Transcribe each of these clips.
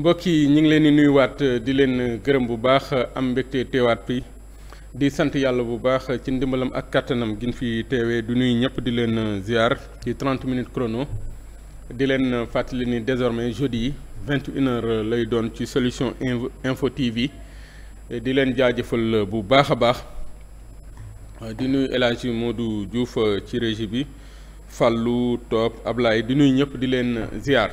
mbokk yi ñu ngi leen di nuyuwaat di leen gërëm bu baax am mbégte teewaat bi di sant yàlla bu baax ci ndimbalam ak kattanam gin fi teewee du nuy ñëpp di leen ziar ci 30 minutes chrono di leen fàttali ni désormais jeudi yi 21 heures lay doon ci solution info TV di leen jaajëfal bu baax a baax di nuyu El Hadj Modou Diouf ci régie bi Fallou Top Ablaye du nuyu ñëpp di leen ziar.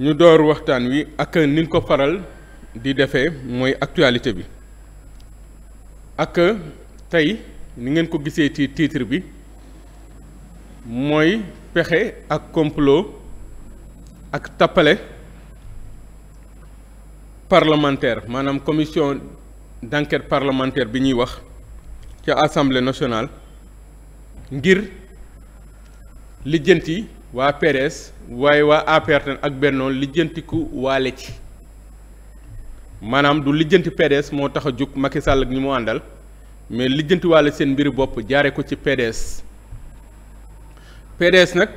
ñu door waxtaan wi ak niñ ko faral di defee mooy actualité bi ak tey ni ngeen ko gisee ci titre bi mooy pexe ak complot ak tappale parlementaire maanaam commission d'enquête parlementaire bi ñuy wax ca assemblée nationale ngir lijjanti waa PDS waaye waa APR tan ak Benno lijjantiku waale ci maanaam du lijjanti PDS moo tax a jug Macky Sall ak ñi mu àndal mais lijjanti waale seen mbiri bopp jaare ko ci PDS PDS nag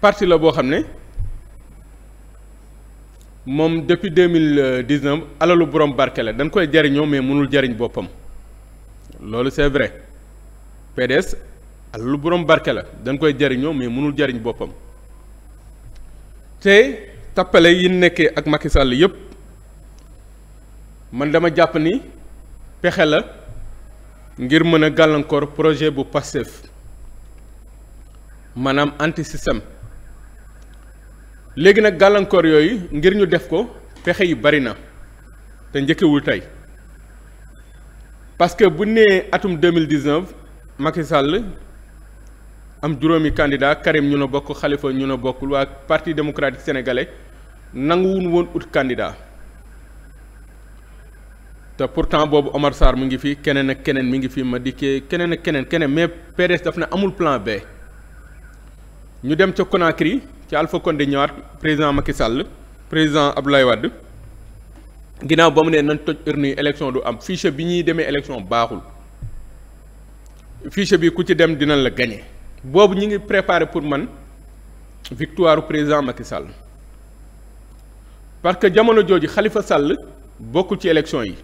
parti la boo xam ne moom depuis deux mille dix-neuf alalu borom barke la dañ koy jariñoo mais munul jariñ boppam loolu c'est vrai PDS alalu borom barke la dañ koy jariñoo mais mënul jariñ boppam te tappale yi nekkee ak Macky Sall yëpp man dama jàpp ni pexe la ngir mën a gàllankoor projet bu Pastef maanaam anti léegi nag gàllankoor yooyu ngir ñu def ko pexe yi bari na te njëkkewul tey parce que bu nee atum deux mille dix-neuf Macky am juróomi candidat Karim ñu na bokk xalifa ñu na bokkul waa parti démocratique sénégalais nanguwuñ woon ut candidat te pourtant boobu Omar Sarr mu ngi fi keneen ak keneen mi ngi fi ma dikkee keneen ak keneen keneen mee PDS daf ne amul plan B ñu dem ca Conakry ci Alpha Condé ñëwaat président Macky Sall président Abdoulaye Wade ginnaaw ba mu ne nan toj urne yi élection du am fiche bi ñuy demee élection baaxul fiche bi ku ci dem dinañ la gagné. boobu ñu ngi préparé pour man victoire président Macky Sall parce que jamono jooju xalifa Sall bokkul ci élection yi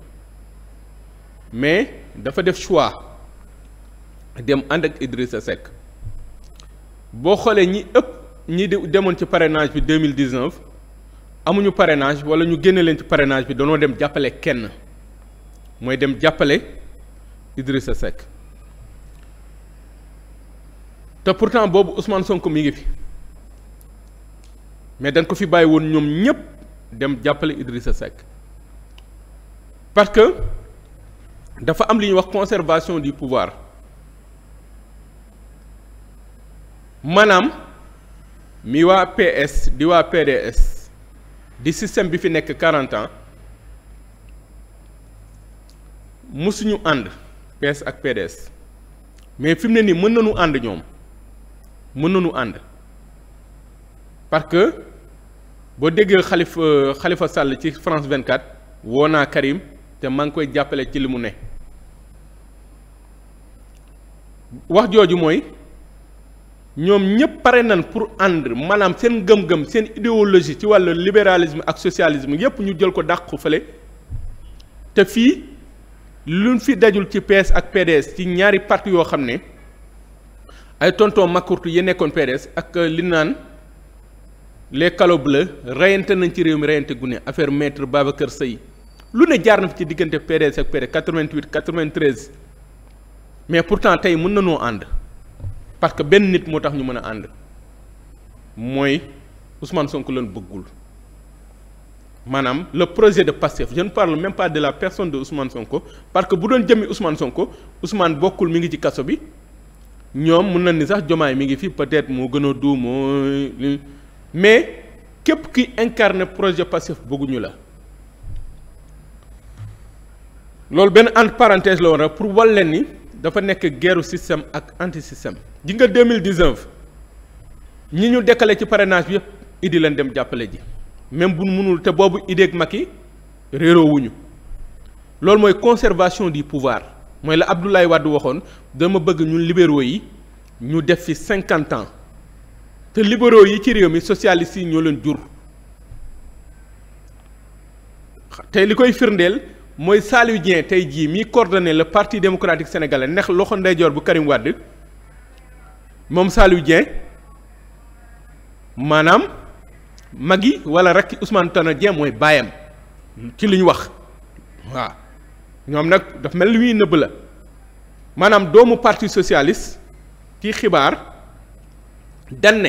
mais dafa def choix dem ànd ak sa Seck boo xoolee ñi ëpp ñi demoon ci parrainage bi deux mille dix-neuf amuñu parenage wala ñu génne leen ci parrainage bi danoo dem jàppale kenn mooy dem jàppale sa Seck. te pourtant boobu Ousmane Sonko mu ngi fi mais dañ ko fi bàyyi woon ñoom ñëpp dem jàppale Idrissa Seck parce que dafa am li ñuy wax conservation du pouvoir maanaam mi waa PS di waa PDS di système bi fi nekk 40 ans musuñu ànd PS ak PDS mais fi mu ne nii mën nañu ànd ñoom. mën nañu ànd parce que boo déggee xalifa xalifa Sall ci France 24 woo naa Karim te maa ngi koy jàppale ci li mu ne wax jooju mooy ñoom ñëpp pare nañ pour ànd maanaam seen gëm-gëm seen idéologie ci wàllu libéralisme ak socialisme yépp ñu jël ko dàqu fële te fii luñ fi dajul ci PS ak PDS ci ñaari parti yoo xam ne ay tonton Macourt yi nekkoon PDS ak euh, li naan les calots la reyante nañ ci réew mi reyante gune affaire maître kër Seye lu ne jaar na fi ci diggante PDS ak PDS 88 93 mais pourtant tey mën nañoo ànd parce que benn nit moo tax ñu mën a ànd mooy Ousmane Sonko leen bëggul maanaam le projet de Pastef je ne parle même pas de la personne de Ousmane Sonko parce que bu doon jëmmi Ousmane Sonko Ousmane bokkul mi ngi ci kaso bi. ñoom mun nañ ni sax jomaay mi ngi fi peut-être moo gën a duumoo mais képp ki incarne projet Pastef bëgguñu la loolu benn entre parenthèse la woon rek pour wal leen ni dafa nekk guerre système ak anti système ji nga 2019 ñi ñu dekkale ci parrainage bi yëpp idi leen dem jàppale ji même bu munul te boobu idée ak Macky réeroo wuñu loolu mooy conservation di pouvar mooy la Abdoulaye Wade waxoon dama bëgg ñun libéraux yi ñu def fi cinquante ans te libéraux yi ci réew mi socialistes yi ñoo leen jur te li koy firndeel mooy Saliou Dieng tey jii mi coordonné la parti démocratique sénégalais ndax loxo ndeyjoor bu Karim Wade moom Saliou Dieng maanaam magi wala rakki Ousmane Tanor Dieng mooy baayam ci li ñu wax waa ñoom nag daf mel ni luy nëbb la maanaam doomu parti socialiste ci xibaar dan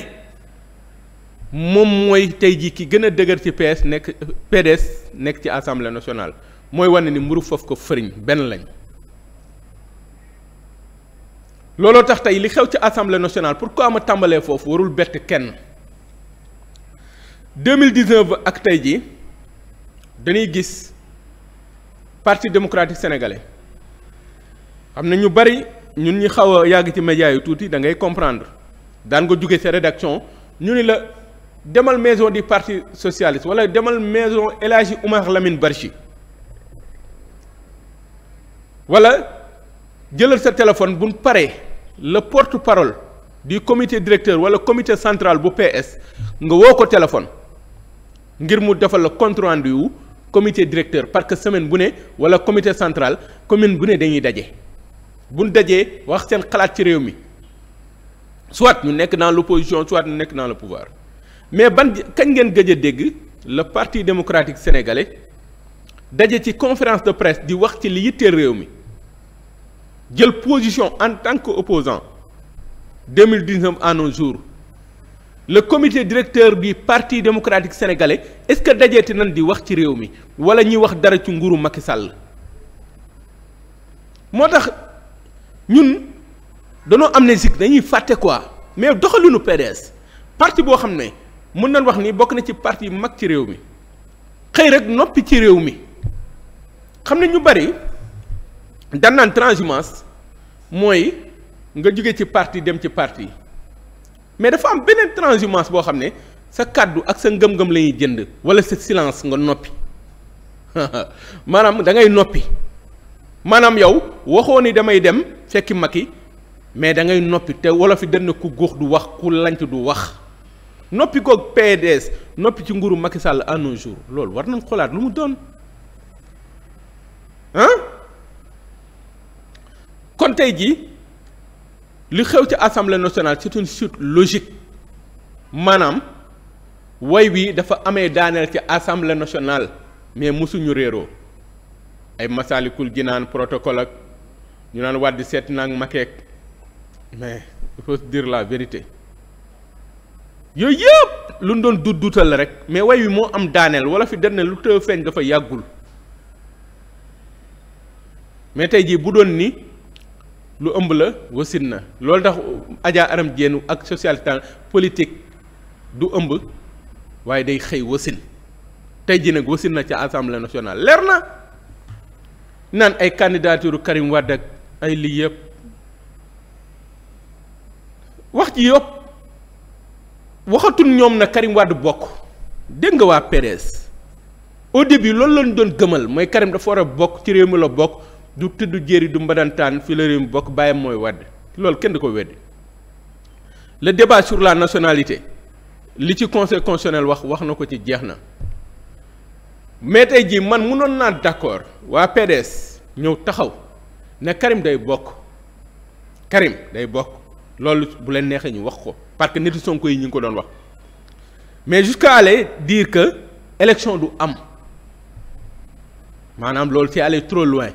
moom mooy tey jii ki gën a dëgër ci PS nekk PDS nekk ci assemblée nationale mooy wane ni mburu foofu ko fëriñ benn lañ looloo tax tey li xew ci assemblée nationale am a tàmbalee foofu warul bett kenn 2019 ak tey jii dañuy gis parti démocratique sénégalais xam na ñu bari ñun ñi xaw yàgg ci médias yu tuuti da ngay comprendre daan nga jóge sa rédaction ñu ni la demal maison du parti socialiste wala demal maison El Hadji Oumar Lamine Barchi wala jëlal sa téléphone bu paree le porte-parole di comité directeur wala comité central bu PS nga woo ko téléphone ngir mu defal la compte rendu comité directeur parce que semaine bu ne wala comité central commune bu ne dañuy daje bul dajee wax seen xalaat ci réew mi soit ñu nekk dans l'opposition soit ñu nekk dans le pouvoir mais ban kañ ngeen gëj a dégg le parti démocratique sénégalais daje ci conférence de presse di wax ci li yitteel réew mi jël position en tant que opposant 2019 à nos jours le comité directeur du parti démocratique sénégale est-ce que dajeeti nan di wax ci réew mi wala ñuy wax dara ci nguuru Macky sàll moo tax ñun danoo am ne amnésique dañuy fàtte quoi mais doxalinu PDS parti boo xam ne mun nañ wax ni bokk na ci parti yu mag ci réew mi xëy rek noppi ci réew mi xam ne ñu bari dan naan transhumance mooy nga jóge ci parti dem ci parti mais dafa am beneen transhumance boo xam ne sa kàddu ak sa ngëm-ngëm la jënd wala sa silence nga noppi maanaam da ngay noppi maanaam yow waxoo ni damay dem fekki yi mais da ngay noppi te wolof yi dënn ku góox du wax ku lanc du wax noppi koog PDS noppi ci nguru Macky Sall à nos jours loolu war nañ xoolaat lu mu doon ah kon tey jii li xew ci assemblée nationale ci une chute logique maanaam way wi dafa amee daaneel ci assemblée nationale mais mosuñu réeroo ay masalikul naan protocole ak ñu naan wàddi seet naag makeek mais il faut dire la vérité yooyu yëpp lu doon dut duutal rek mais way wi moo am daaneel wala fi denne lu tëw feeñ dafa yàggul mais tey jii bu doon ni lu ëmb la wasin na loolu tax Adja Aram Dieng ak socialité politique du ëmb waaye day xëy wasin tey jii nag wasin na ca assemblée nationale leer na naan ay candidature Karim Wade ak ay lii yëpp wax ji yëpp waxatu ñoom na Karim Wade bokk dégg nga waa PDS au début loolu lañ doon gëmal mooy Karim dafa war a bokk ci réew mi la bokk. du tëdd jéeri du mbadantaan fi la réew mi bokk bàyyam mooy Wade loolu kenn du ko weddi le débat sur la nationalité li ci conseil constitutionnel wax wax na ko ci jeex na mais tey jii man mënoon naa d'accord waa PDS ñëw taxaw ne Karim day bokk Karim day bokk loolu bu leen neexee ñu wax ko parce que nit Sonko yi ñu ngi ko doon wax mais jusqu'à diir dire que élection du am maanaam loolu c'est aller trop loin.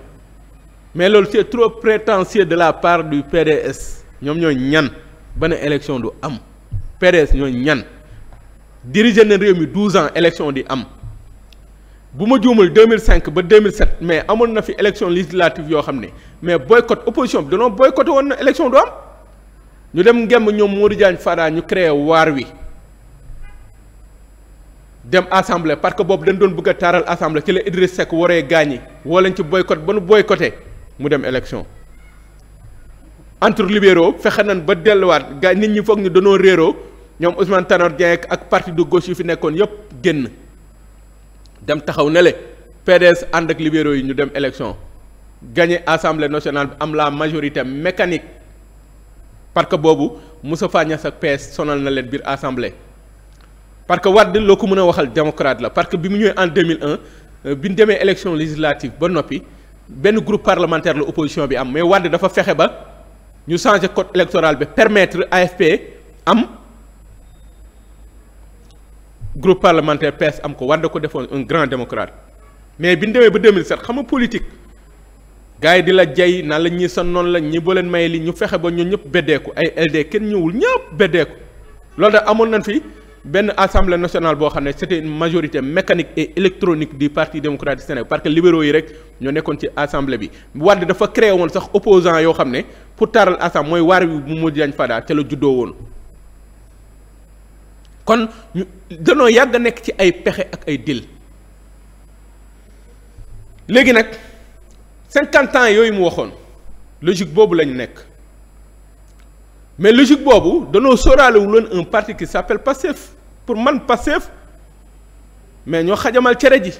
mais loolu c'est trop prétentieux de la part du PDS ñoom ñooy ñan ba ne élection du am PDS ñoo ñan diriger na réew mi 12 ans élection di am bu ma juumul 2005 ba 2007 mais amoon na fi élection législative yoo xam ne mais boycott opposition bi danoo boycotté woon na élection du am ñu dem ngemm ñoom Modou Diagne Fada ñu créé waar wi dem assemblée parce que boobu dañ doon bëgg a taaral assemblée ci la Idriss Seck waree gaañi woo leen ci boycott ba nu boycotté mu dem élection entre libéraux fexe nañ ba delluwaat gars nit ñi foog ñu danoo réeroo ñoom Ousmane Tanor Dieng ak parti du gauche yu fi nekkoon yëpp génn dem taxaw nele le ànd ak libéraux yi ñu dem élection gagné assemblée nationale bi am la majorité mécanique parce que boobu Moustapha Niasse sa PS sonal na leen biir assemblée. parce que Wade loo ko mën a waxal démocrate la parce que bi mu ñëwee en 2001 euh, bi ñu demee élection législative ba noppi. benn groupe parlementaire la opposition bi am mais Wade dafa fexe ba ñu changer code électoral bi permettre AFP am groupe parlementaire PS am ko Wade ko defoon un grand démocrate mais bi ñu demee ba 2007 xam nga politique gars yi di la jay naan la ñi sa noonu la ñi boo leen may li ñu fexe ba ñun ñëpp beddeeku ay LD kenn ñëwul ñëpp beddeeku loolu da amoon nañ fi. benn assemblée nationale boo xam ne c'était une majorité mécanique et électronique du parti démocratique sénégalais parce que libéraux yi rek ñoo nekkoon ci assemblée bi Wade dafa créé woon sax opposant yoo xam ne pour taaral assemblée mooy waar bi bu mu jañ fadaa ca la juddoo woon kon ñu danoo yàgg a nekk ci ay pexe ak ay dil léegi nag cinquante ans yooyu mu waxoon logique boobu lañu nekk mais logique boobu danoo sóoraale wu loon un parti qui s'appelle Pastef pour man Pastef mais ñoo xajamal cere ji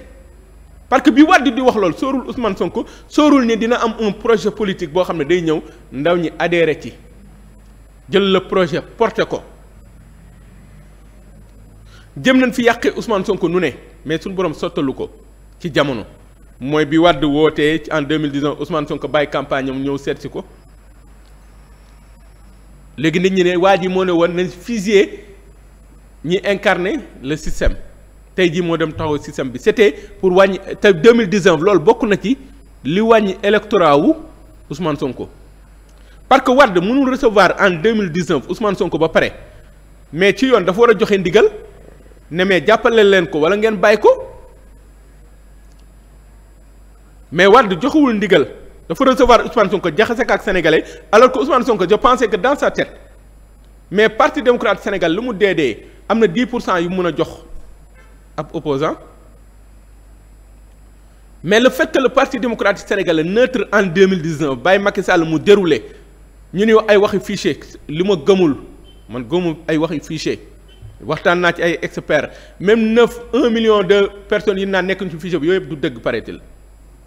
parce que bi Wade di wax loolu sóorul Ousmane Sonko soorul ni dina am un projet politique boo xam ne day ñëw ndaw ñi adhéré ci jël la projet porté ko jëm nañ fi yàqee Ousmane Sonko nu ne mais suñu borom sottalu ko ci jamono mooy bi Wade wootee en 2019 Ousmane Sonko bàyyi campagne am ñëw seetsi ko. léegi nit ñi ne waa ji moo ne woon nañ fusiller ñi incarné le système tey jii moo dem taxaw système bi c'était pour wàññi te 2019 loolu bokk na ci li wàññi électorat wu Ousmane Sonko parce que Wade mënul recevoir en 2019 Ousmane Sonko ba pare mais ci yoon dafa war a joxe ndigal ne mais jàppale leen ko wala ngeen bàyyi ko mais Wade joxewul ndigal. dafa recevoir Ousmane Sonko jaxase ko ak sénégalais alors que Ousmane Sonko je pensais que dans sa tête mais parti démocrate Sénégal lu mu dee dee am na 10 pour cent yu mun a jox ab opposant mais le fait que le parti démocratique sénégalais neutre en 2019 bàyyi Macky Sall mu déroulé ñu wax ay waxi fichier li ma gëmul man gëmul ay waxi fichier waxtaan naa ci ay experts même neuf un million de personnes yi naa nekk ci fichier bi yooyu yëpp du dëgg paraît-il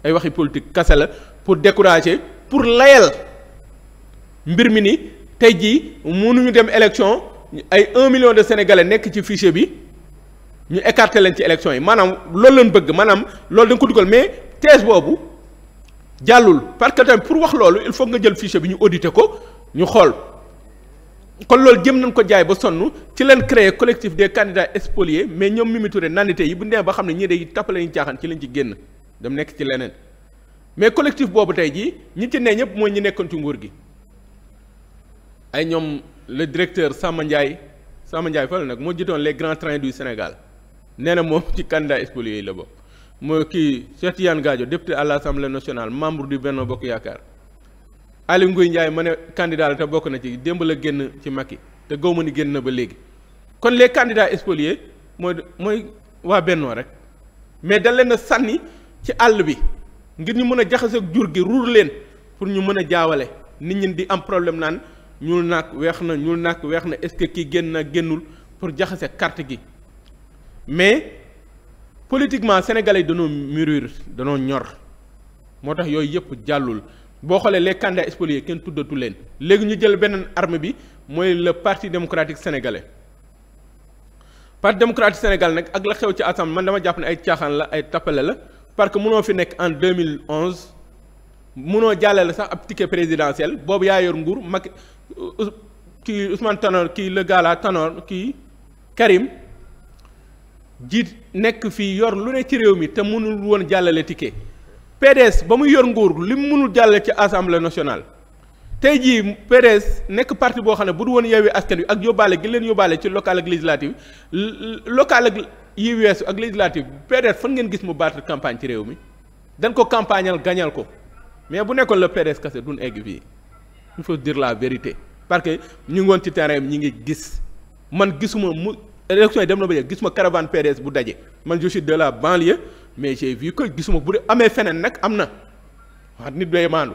ay waxi politique kase la. pour décourager pour layal mbir mi ni tey jii mënuñu dem election ay un million de sénégalais nekk ci fichier bi ñu écarté leen ci élection yi maanaam loolu leen bëgg maanaam loolu da nga ko dugal mais thèse boobu jàllul parce que tamit pour wax loolu il faut nga jël fichier bi ñu audité ko ñu xool kon loolu jëm nañ ko jaay ba sonn ci leen créer collectif des candidats spoliés mais ñoom Mimi Touré nandité yi bu ñu demee ba xam ne ñii day tappale ci lañ ci génn dem nekk ci leneen mais collectif boobu tey jii ñi ci ne ñëpp mooy ñi nekkoon ci nguur gi ay ñoom le directeur Samba Ndiaye Samba Ndiaye fa la nag moo jiitoon les grands trains du Sénégal nee na moom ci candidat expolié yooyu la bokk mooy kii Cheikh Tidiane Gadio député à l'Assemblée nationale membre du Benno Bokk Yaakaar Aliou Ngouye Ndiaye ma ne candidat la te bokk na ci démb la génn ci Macky te gaw ma ni génn na ba léegi kon les candidats espolier mooy mooy waa Benno rek mais da leen sànni ci àll bi ngir ñu mën a jaxase ak jur gi ruur leen pour ñu mën a jaawale nit ñi di am problème naan ñu naag weex na ñu naag weex na est-ce que kii génn na génnul pour jaxase carte gi mais politiquement sénégalais yi dañoo mûrir dañoo ñor moo tax yooyu yëpp jàllul boo xoolee les candidats spoliés kenn tuddatu leen léegi ñu jël beneen arme bi mooy le parti démocratique sénégalais parti démocratique sénégal nag ak la xew ci assemblée man dama jàpp ne ay caaxaan la ay tappale la parce que mënoo fi nekk en 2011 mënoo jàllale sax ab ticket présidentiel boobu yaa yor nguur Macky euh, kii Ousmane Tanor kii le gars là Tanor kii Karim jiit nekk fii yor lu ne ci réew mi te mënul woon jàllale ticket PDS ba muy yor nguur li mu mënul jàllale ci assemblée nationale tey jii PDS nekk parti boo xam ne bu du woon yeewee askan wi ak yóbbaale gi leen yóbbaale ci local ak législative local ak. yi weesu ak législative PDS fan ngeen gis mu battre campagne ci réew mi dañ ko campagnal gañal ko mais bu nekkoon la PDS kase du egg fii il faut dire la vérité parce que ñu ngi woon ci terrain bi ñu ngi gis man gisuma mu élection yi dem na ba yegg gisuma caravane PDS bu dajee man je de la banlieue mais j'ai vu que gisuma bu dee amee feneen nag am na waaw nit day maandu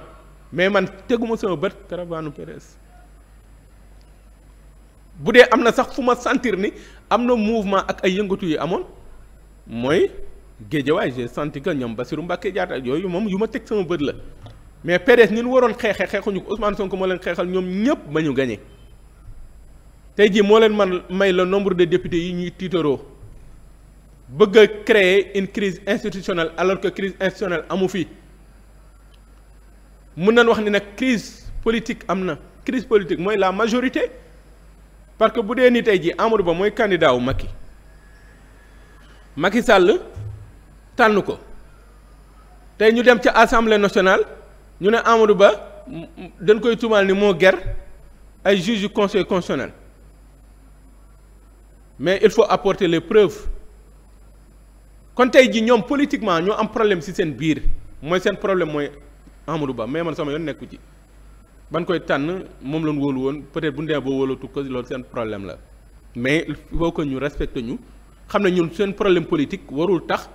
mais man teguma sama bët caravane PDS bu dee am na sax fu ma sentir ni am na mouvement ak ay yëngatu yu amoon mooy géejawaay j'ai senti que ñoom Bassirou Mbacké Diatta yooyu moom yu ma teg sama bët la mais PDS ñun waroon xeexee xeexuñu ko Ousmane Sonko moo leen xeexal ñoom ñëpp ba ñu gagné tey jii moo leen man may la nombre de députés yi ñuy tiitaroo bëgg a créer une crise institutionnelle alors que crise institutionnelle amu fi mun nañ wax ni nag crise politique am na crise politique mooy la majorité. parce que bu dee ni tey ji Amadou Ba mooy candidat wu Macky Macky Sall tànn ko tey ñu dem ca assemblée nationale ñu ne Amadou Ba dañ koy tuumaal ni moo ger ay juges yu conseil constitutionnel mais il faut apporter les preuves kon tey ji ñoom politiquement ñoo am problème ci seen biir mooy seen problème mooy Amadou Ba mais man sama yoon nekku ci ban koy tànn moom lañ wóolu woon peut-être bu ñu demee boo wóolatu ko loolu seen problème la mais il ko ñu respecte ñu xam ne ñun seen problème politique warul tax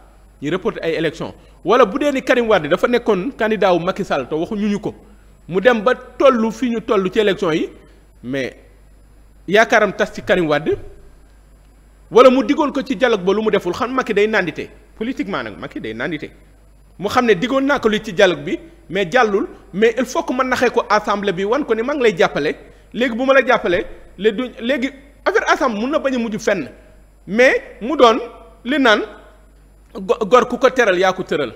ñu reporter ay élections wala bu dee ni Karim Wade dafa nekkoon candidat wu Macky Sall waxuñu ñu ko mu dem ba tollu fi ñu toll ci élections yi mais yaakaaram tas ci Karim Wade wala mu diggoon ko ci dialogue ba lu mu deful xam Macky day nandite politiquement nag Macky day nandite. mu xam ne diggoon naa ko lu ci dialogue bi mais jàllul mais il faut que ma naxee ko assemblée bi wan ko ni maa ngi lay jàppale léegi bu ma la jàppale le du léegi affaire assemblée mun na bañ a mujj fenn mais mu doon li naan gor ku ko teral yaa ko tëral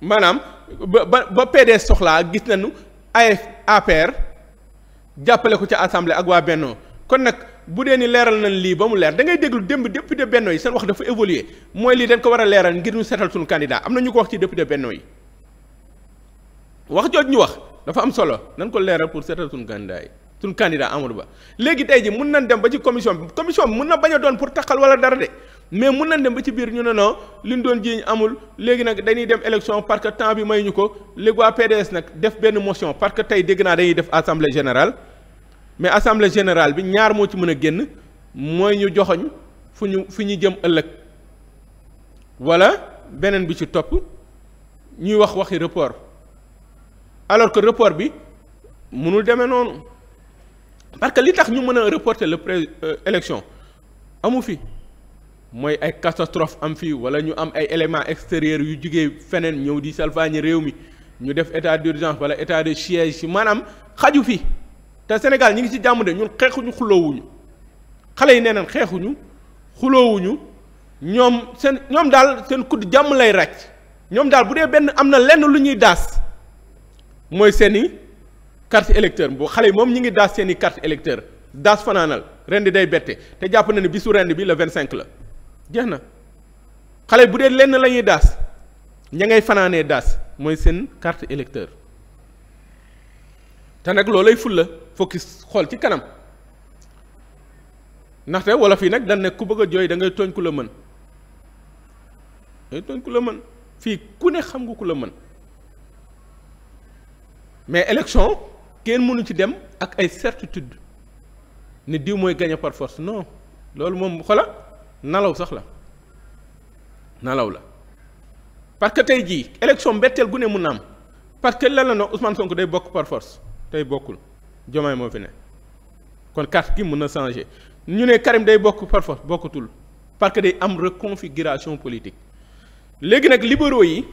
maanaam ba ba ba PDS soxlaa gis na nu AF APR jàppale ko ca assemblée ak waa Bennoo kon nag. bu dee ni leeral nañ lii ba mu leer dangay ngay déglu démb député Benno yi seen wax dafa évoluer mooy lii dañ ko war a leeral ngir ñu seetal suñu candidat am na ñu ko wax ci député Benno wax jooj ñu wax dafa am solo nañ ko leeral pour seetal suñu candidat yi suñu candidat Amadou Ba léegi tey ji mun na dem ba ci commission bi commission bi mun na bañ a doon pour taxal wala dara de mais mun na dem ba ci biir ñu ne non li ñu doon jiiñ amul léegi nag dañuy dem élection parce que temps bi may ñu ko léegi waa PDS def benn motion parce que tey dégg dañuy def assemblée générale mais assemblée générale bi ñaar moo ci mën a génn mooy ñu joxoñ fu ñu fu ñu jëm ëllëg wala beneen bi ci topp ñuy wax waxi report alors que report bi mënul demee noonu parce que li tax ñu mën a reporter le pré euh, élection amu fi mooy ay catastrophe am fii wala ñu am ay éléments extérieurs yu jugee feneen ñëw di salfaañi réew mi ñu def état d'urgence wala état de siège maanaam xaju fi te Sénégal ñi ngi ci jàmm de ñun xeexuñu xuloowuñu xale yi nee nañ xeexuñu xuloowuñu ñoom seen ñoom daal seen kudd jàmm lay ràcc ñoom daal bu dee benn am na lenn lu ñuy daas mooy seen i carte électeur boo xale yi moom ñi ngi daas seen i carte électeur daas fanaanal ren di day bette te jàpp na ne bisu ren bi le cinq la jeex na xale bu dee lenn la daas ña ngay fanaanee daas mooy seen carte électeur te nag loolay fulla focus xool ci kanam ndaxte wala fii nag dañ ne ku bëgg a jooy da ngay tooñ ku la mën ngay tooñ ku la mën fii ku ne xam nga ku la mën mais élection kenn mënu ci dem ak ay certitude ni diw mooy gagné par force loolu moom xola nalaw sax la nalaw la parce que tey jii élection mbetteel gu ne mun na am parce que lan la no Ousmane Sonko day bokk par tey bokkul Diomaye moo fi ne kon carte gi mun na changer ñu ne Karim day bokk parfois bokkatul parce que day am reconfiguration politique léegi nag libéraux yi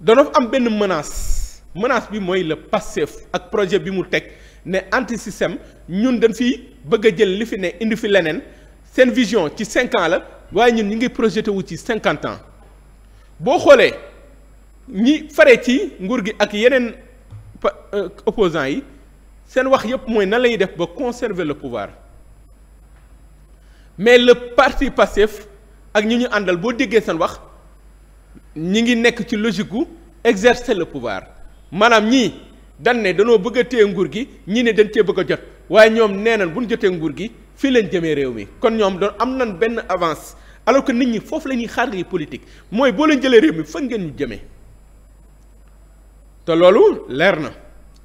dañoo am benn menace menace bi mooy le Pastef ak projet bi mu teg ne système ñun dañ fi bëgg a jël li fi ne indi fi leneen seen vision ci cinq la waaye ñun ñu ngi projeté wu ci cinquante ans boo xoolee ñi fare ci nguur gi ak yeneen pa euh, opposants yi seen wax yépp mooy nan lañuy def ba conserver le pouvoir mais le parti Pastef ak ñi ñu àndal boo déggee seen wax ñi ngi nekk ci logique gu exercer la pouvoir maanaam ñii dañ ne danoo bëgg a téye nguur gi ñii ne dañ cee bëgga jot waaye ñoom nee bu ñu jotee nguur gi fii leen jëmee réew mi kon ñoom doon am nañ benn avance alors que nit ñi foofu la ñuy xaar yi politique mooy boo leen jëlee réew mi fan ngeen ñu jëmee. te loolu leer na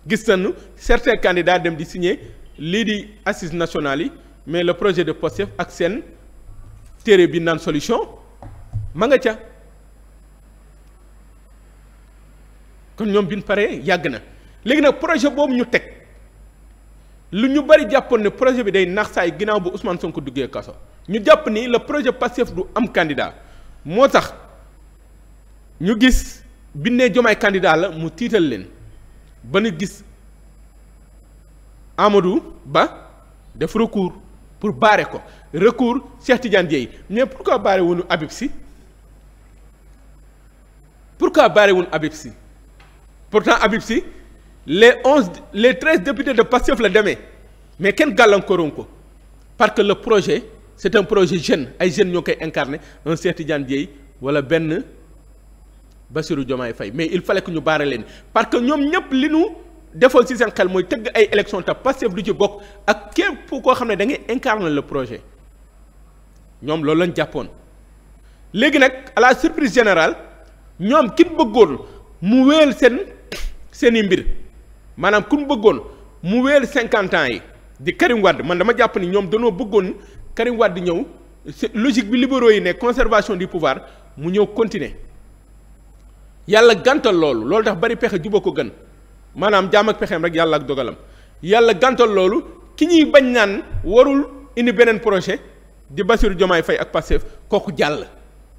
gis nañu certains candidats dem di signer lii di assises nationales yi mais le projet de Pastef ak seen téere bi naan solution ma nga ca kon ñoom bi pare paree yàgg na léegi nag projet boobu ñu teg lu ñu bari jàppoon ne projet bi day naax saay ginnaaw bu Ousmane ko duggee kaso ñu jàpp ni le projet Pastef du am candidat moo tax ñu gis. bi ne Diomaye candidat la mu tiital leen ba nu gis Amadou Ba def recours pour barrer ko recours Cheikh Tidiane Dieye mais pourquoi barrer wuñu Habib Sy pourquoi barrer wuñu Habib Sy pourtant Habib Sy les onze les treize députés de Pastef la demee mais kenn gàllankooroon ko parce que le projet c'est un projet jeune ay jeunes ñoo koy incarné un Cheikh Tidiane Dieye wala benn. Bassirou Diomaye fay mais il fallait ñu baare leen parce que ñoom ñëpp li nu defoon ci seen xel mooy tëgg ay élection te Pastef du ci bokk ak képp ko xam ne da ngay incarner le projet ñoom loolu lañ jàppoon. léegi nag à la surprise générale ñoom kin bëggoon mu wéel seen seen i mbir maanaam ku mu bëggoon mu wéel cinquante ans yi di Karim Wade man dama jàpp ni ñoom danoo bëggoon Karim Wade ñëw logique bi libéraux yi ne conservation du pouvoir mu ñëw continuer. yàlla gàntal loolu loolu tax bari pexe juba ko gën maanaam jaam ak pexeem rek yàlla ak dogalam yàlla gàntal loolu ki ñuy bañ naan warul indi beneen projet di Bassirou Diomaye fey ak Pastef kooku jàll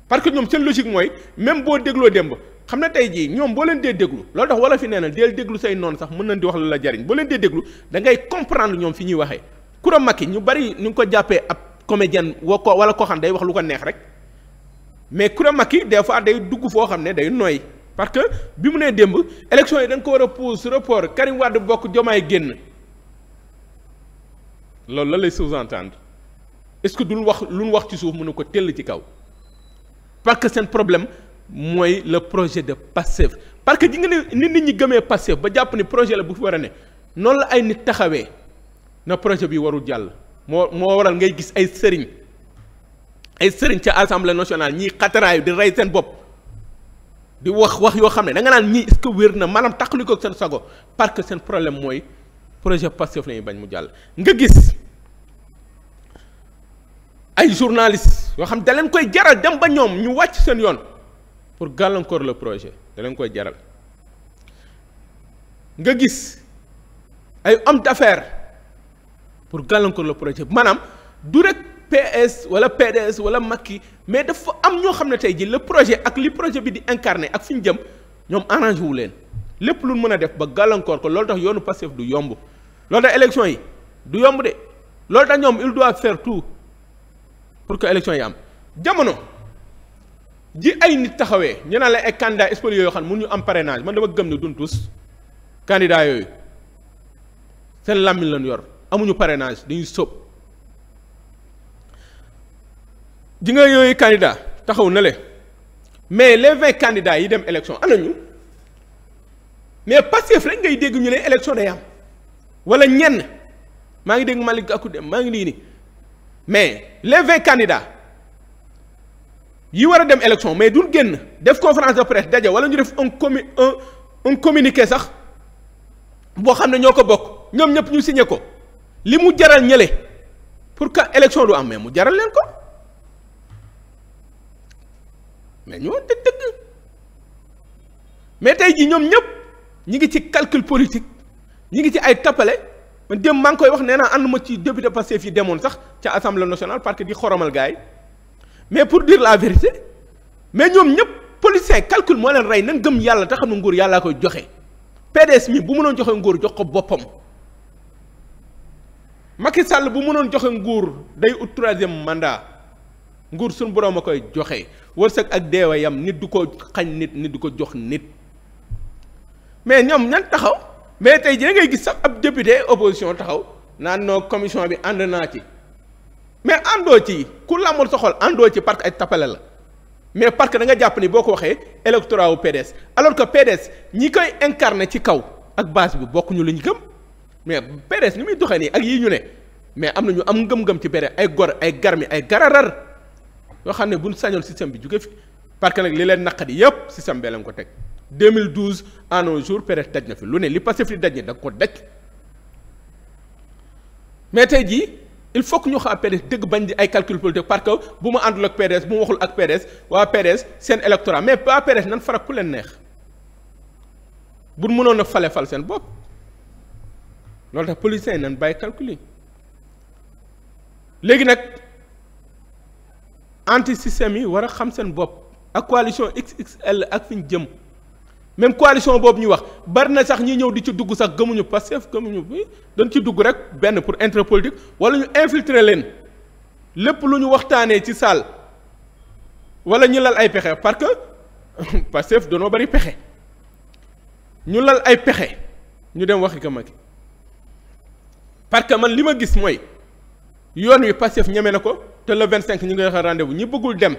parce que ñoom seen logique mooy même boo dégloo démb xam na tey jii ñoom boo leen dee déglu loolu tax wala fi nee na deel déglu say noonu sax mën nañ di wax lu la jariñ boo leen dee déglu dangay ngay comprendre ñoom fi ñuy waxee Coura Macky ñu bari nu ngi ko jàppee ab comédien woo ko wala koo xam day wax lu ko neex rek mais Coura Macky des fois day dugg foo xam ne day nooy parce que bi mu nee démb élection yi dañ ko war a pousse report Karim Wade bokk Diomaye génn loolu la lay sous-entendre est-ce que duñ wax lu luñ wax ci suuf mënu ko tell ci kaw parce que seen problème mooy le projet de Pastef parce que ji nga ne nit ñi gëmee Pastef ba jàpp ni projet la bu fi war a ne noonu la ay nit taxawee na projet bi warul jàll moo moo waral ngay gis ay sëriñ ay sëriñ ca assemblée nationale ñiy xataraayu di rey seen bopp di wax wax yoo xam ne da nga naan ñii est-ce que wér na maanaam taxali ko seen sago parce que seen problème mooy projet Pastef la ñuy bañ mu jàll nga gis ay journalistes yoo xam ne leen koy jaral dem ba ñoom ñu wàcc seen yoon pour gàllankoor la projet da leen koy jaral nga gis ay homme d'affaires pour gàllankoor le projet maanaam du rek PS wala PDS wala Macky mais dafa am ñoo xam ne tey ji le projet ak li projet bi di incarné ak fi ñu jëm ñoom arrangé wu leen lépp lu mën a def ba gàllankoor ko loolu tax yoonu Pastef du yomb loolu tax élection yi du yomb de loolu tax ñoom il doit faire tout pour que élection yi am jamono ji ay nit taxawee ñu naan la ay candidat spoliés yoo xam ne mun ñu am parrainage man dama gëm ne dun tous candidat yooyu seen làmmiñ lañ yor amuñu parrainage ñu sóob ji nga yooyu candidat taxaw na le mais les vingt yi dem élection ana ñu mais Pastef rek ngay dégg ñu ne élection day am wala ñenn maa ngi dégg Malick Gakou dem maa ngi lii nii mais les vingt candidats yi war a dem élection mais du génn def conférence de presse daje wala ñu def un commu un communiqué sax boo xam ne ñoo ko bokk ñoom ñëpp ñu signé ko li mu jaral ñële pour que élection du am mais mu jaral leen ko. mais ñu wante dëgg mais tey jii ñoom ñëpp ñi ngi ci calcul politique ñi ngi ci ay tappale man démb maa ngi koy wax nee naa ànduma ci député Pastef fii demoon sax ca assemblée nationale parce que di xoromal gaay mais pour dire la vérité mais ñoom ñëpp politicien calcul moo leen rey nan gëm yàlla te xam ne nguur yàllaa koy joxe PDS mi bu mënoon joxe nguur jox ko boppam Macky sàll bu mënoon joxe nguur day ut troisième mandat. nguur suñ borom a koy joxe wërsëg ak deewa yam nit du ko xañ nit nit du ko jox nit mais ñoom ñan taxaw mais tey ji ngay gis sax ab député opposition taxaw naan noo commission bi ànd naa ci mais àndoo ci ku làmbul sa àndoo ci parce que ay tapale la mais parce que da nga jàpp ni boo ko waxee électorat wu PDS alors que PDS ñi koy incarné ci kaw ak base bi bokkuñu lu ñu mais PDS ni muy doxee nii ak yii ñu ne mais am na ñu am ngëm-ngëm ci bere ay gor ay garmi ay gararar yoo xam ne bu buñ sañoon système bi jóge fi parce que nag li leen naqadi yépp système bee ko teg 2012 en un jour pérès daj na fi lu ne li passé fi daj ne da nga ko daj mais tey jii il faut que ñu xam PDS dëgg bañ di ay calcul politique parce que bu mu àndul ak PDS bu ma waxul ak PDS waa PDS seen électorat mais pas PDS nan farak ku leen neex bu mënoon a fale fal seen bopp loolu tax politiciens yi nan bàyyi calcul yi léegi nag. anti système yi war a xam seen bopp ak coalition XXL ak fi ñu jëm même coalition boobu ñu wax bari na sax ñi ñëw di ci dugg sax gëmuñu Pastef gëmuñu bi dañ ci dugg rek benn pour intérêt politique wala ñu infiltrer leen lépp lu ñu waxtaanee ci salle wala ñu lal ay pexe parce que Pastef danoo bari pexe ñu lal ay pexe ñu dem waxi ko Macky parce que man li ma gis mooy yoon wi Pastef ñeme na ko. te le 25 ñu ngi joxe rendez-vous ñi bëggul dem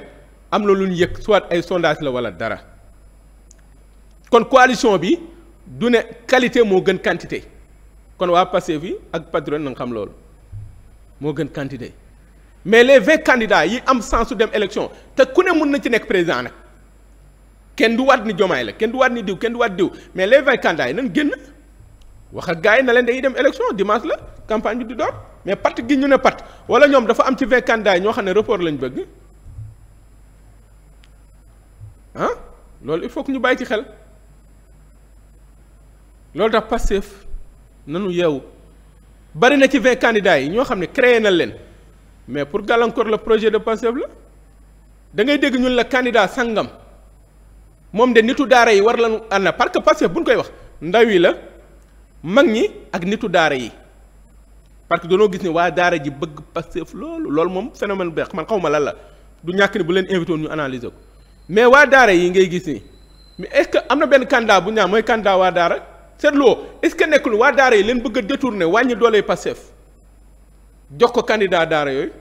am la lu ñu yëkk yëg soit ay sondage la wala dara kon coalition bi du ne qualité moo gën quantité kon waa Pastef fi ak Patriote na xam loolu moo gën quantité mais les vingt candidats yi am sens su dem élection te ku ne mun na ci nekk président nag kenn du waat ni Diomaye la kenn du waat ni diw kenn du waat diw mais les vingt yi nan génn. wax a gars yi na leen day dem élection dimanche la campagne bi di door mais part gi ñu ne part wala ñoom dafa am ci vingt candidats yi ñoo xam ne report lañ bëgg ah loolu il faut que ñu bàyyi ci xel loolu tax Pastef nanu yeewu bari na ci vingt candidats yi ñoo xam ne créer na leen mais pour gàllankoor la projet de Pastef la da ngay dégg ñun la candidat sangam moom de nitu daara yi war lañu ànd parce que Pastef bu ñu koy wax ndaw yi la. mag ñi ak nitu daara yi parce que dañoo gis ne waa daara ji bëgg Pastef loolu loolu moom phénomène beex man xaw ma lan la du ñàkk ni bu leen invité ñu analyser ko mais waa daara yi ngay gis ni mais est-ce que am na benn candidat bu ñaa mooy candidat waa daara seetloo est-ce nekkul waa daara yi leen bëgg a détourner wàññi doolee Pastef jox ko candidat daara yooyu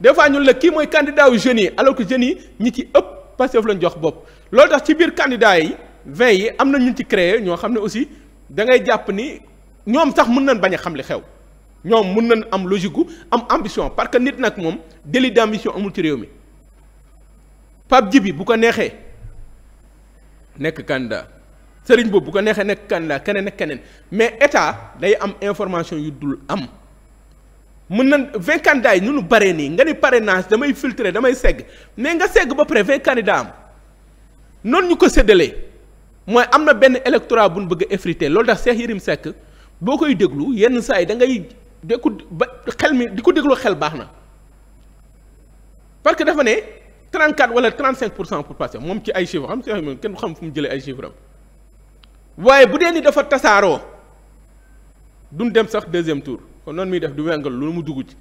des fois ñun la kii mooy candidat wu jeunes yi alors que yi ñi ci ëpp Pastef lañ jox bopp loolu tax ci biir candidat yi 20 yi am na ñu ci créé ñoo xam ne aussi da ngay jàpp ni ñoom sax mun nañ bañ a xam li xew ñoom mun nañ am logique gu am ambition parce que nit nag moom délit d'ambition amul ci réew mi Pape jibi bu ko neexee nekk candidat sëriñ boobu bu ko neexee nekk candidat keneen ak keneen mais état day am information yu dul am mën na vingt candidats yi ñu nu baree nii nga ni parrainage damay filtrer damay segg mais nga segg ba pare vingt candidats am noonu ñu ko séddalee. mooy am na benn électorat bu ñu bëgg a effriter loolu tax Cheikh Yérim sekk boo koy déglu yenn saa yi da ngay ku ba xel mi di ko déglu xel baax na parce que dafa ne 34 wala cinq pour cent pour passer moom ci ay chiffres xam nga moom kenn xam fu mu jëlee ay chiffres am waaye bu dee ni dafa tasaaroo duñ dem sax deuxième tour kon noonu muy def di wengal lu mu dugg ci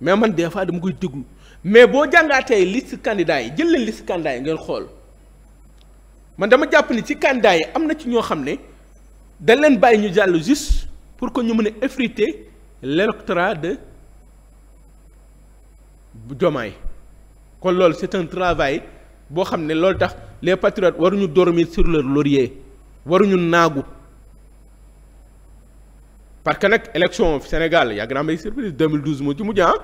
mais man des fois dama koy déglu mais boo jàngaatee liste candidat yi jël leen liste candidat yi ngeen xool. man dama jàpp ni ci kàndaay am na ci ñoo xam ne dañ leen bàyyi ñu jàll juste pour que ñu mën a effriter l'électorat de jomaay kon loolu c'est un travail boo xam ne loolu tax les patriotes waruñu dormir sur leur laurier waruñu naagu parce que nag élection Sénégal yàgg naa may surprise 2012 moo ci mujj ah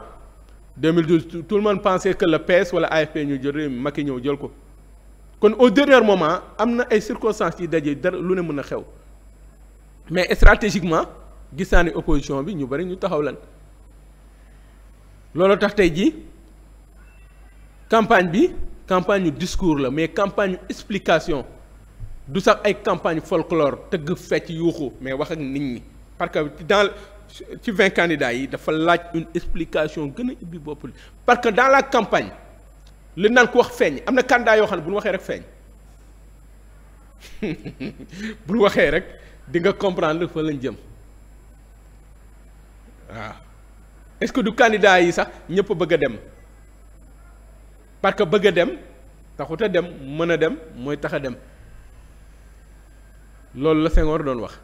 2012 tout le monde pensait que le wala AFP ñu jël réew ñëw jël ko. kon au dernier moment am na ay circonstances yi dajee dara lu ne mën a xew mais stratégiquement gis naa ne opposition bi ñu bari ñu taxaw lan loolu tax tey jii campagne bi campagne ñu discours la mais campagne explication du sax ay campagne folklore tëgg fecc yuuxu mais wax ak nit ñi parce que dans ci vingt candidats yi dafa laaj une explication gën ibbi ubbi bopp parce que dans la campagne li naan ku wax feeñ am na candidat yoo xam ne bu ñu waxee rek feeñ bu waxee rek di nga comprendre fa lañ jëm waaw est-ce que du candidat yi sax ñëpp bëgg a dem parce que bëgg a dem taxut a dem mën a dem mooy tax a dem loolu la Senghor doon wax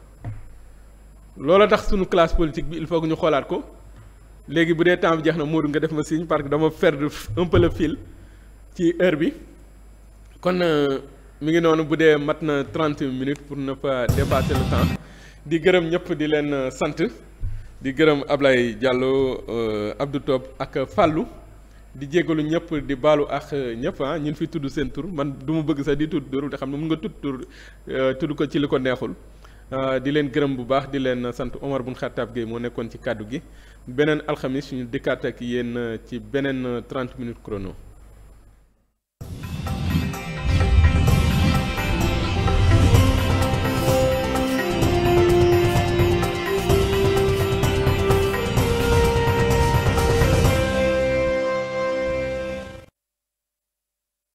loola tax suñu classe politique bi il faut que ñu xoolaat ko léegi bu dee temps bi jeex na Modou nga def ma signe parce que dama perdre un peu le fiil ci heure bi kon euh, mu ngi noonu bu dee mat na trente minutes pour ne pas dépasser temps di gërëm ñëpp di leen euh, sant di gërëm Ablaye Diallo euh, Abdou Top ak Fallou di jegalu ñëpp di baalu ak ñëpp ah ñun fi tudd seen tur man du mu bëgg sax di tudd tur te xam ne mun nga tudd tur tudd ko ci li ko neexul di leen gërëm bu baax di leen sant Omar Bun Xattaab Gueye moo nekkoon ci kàddu gi beneen alxamis ñu dikkaat ak yéen ci beneen trent minutes crono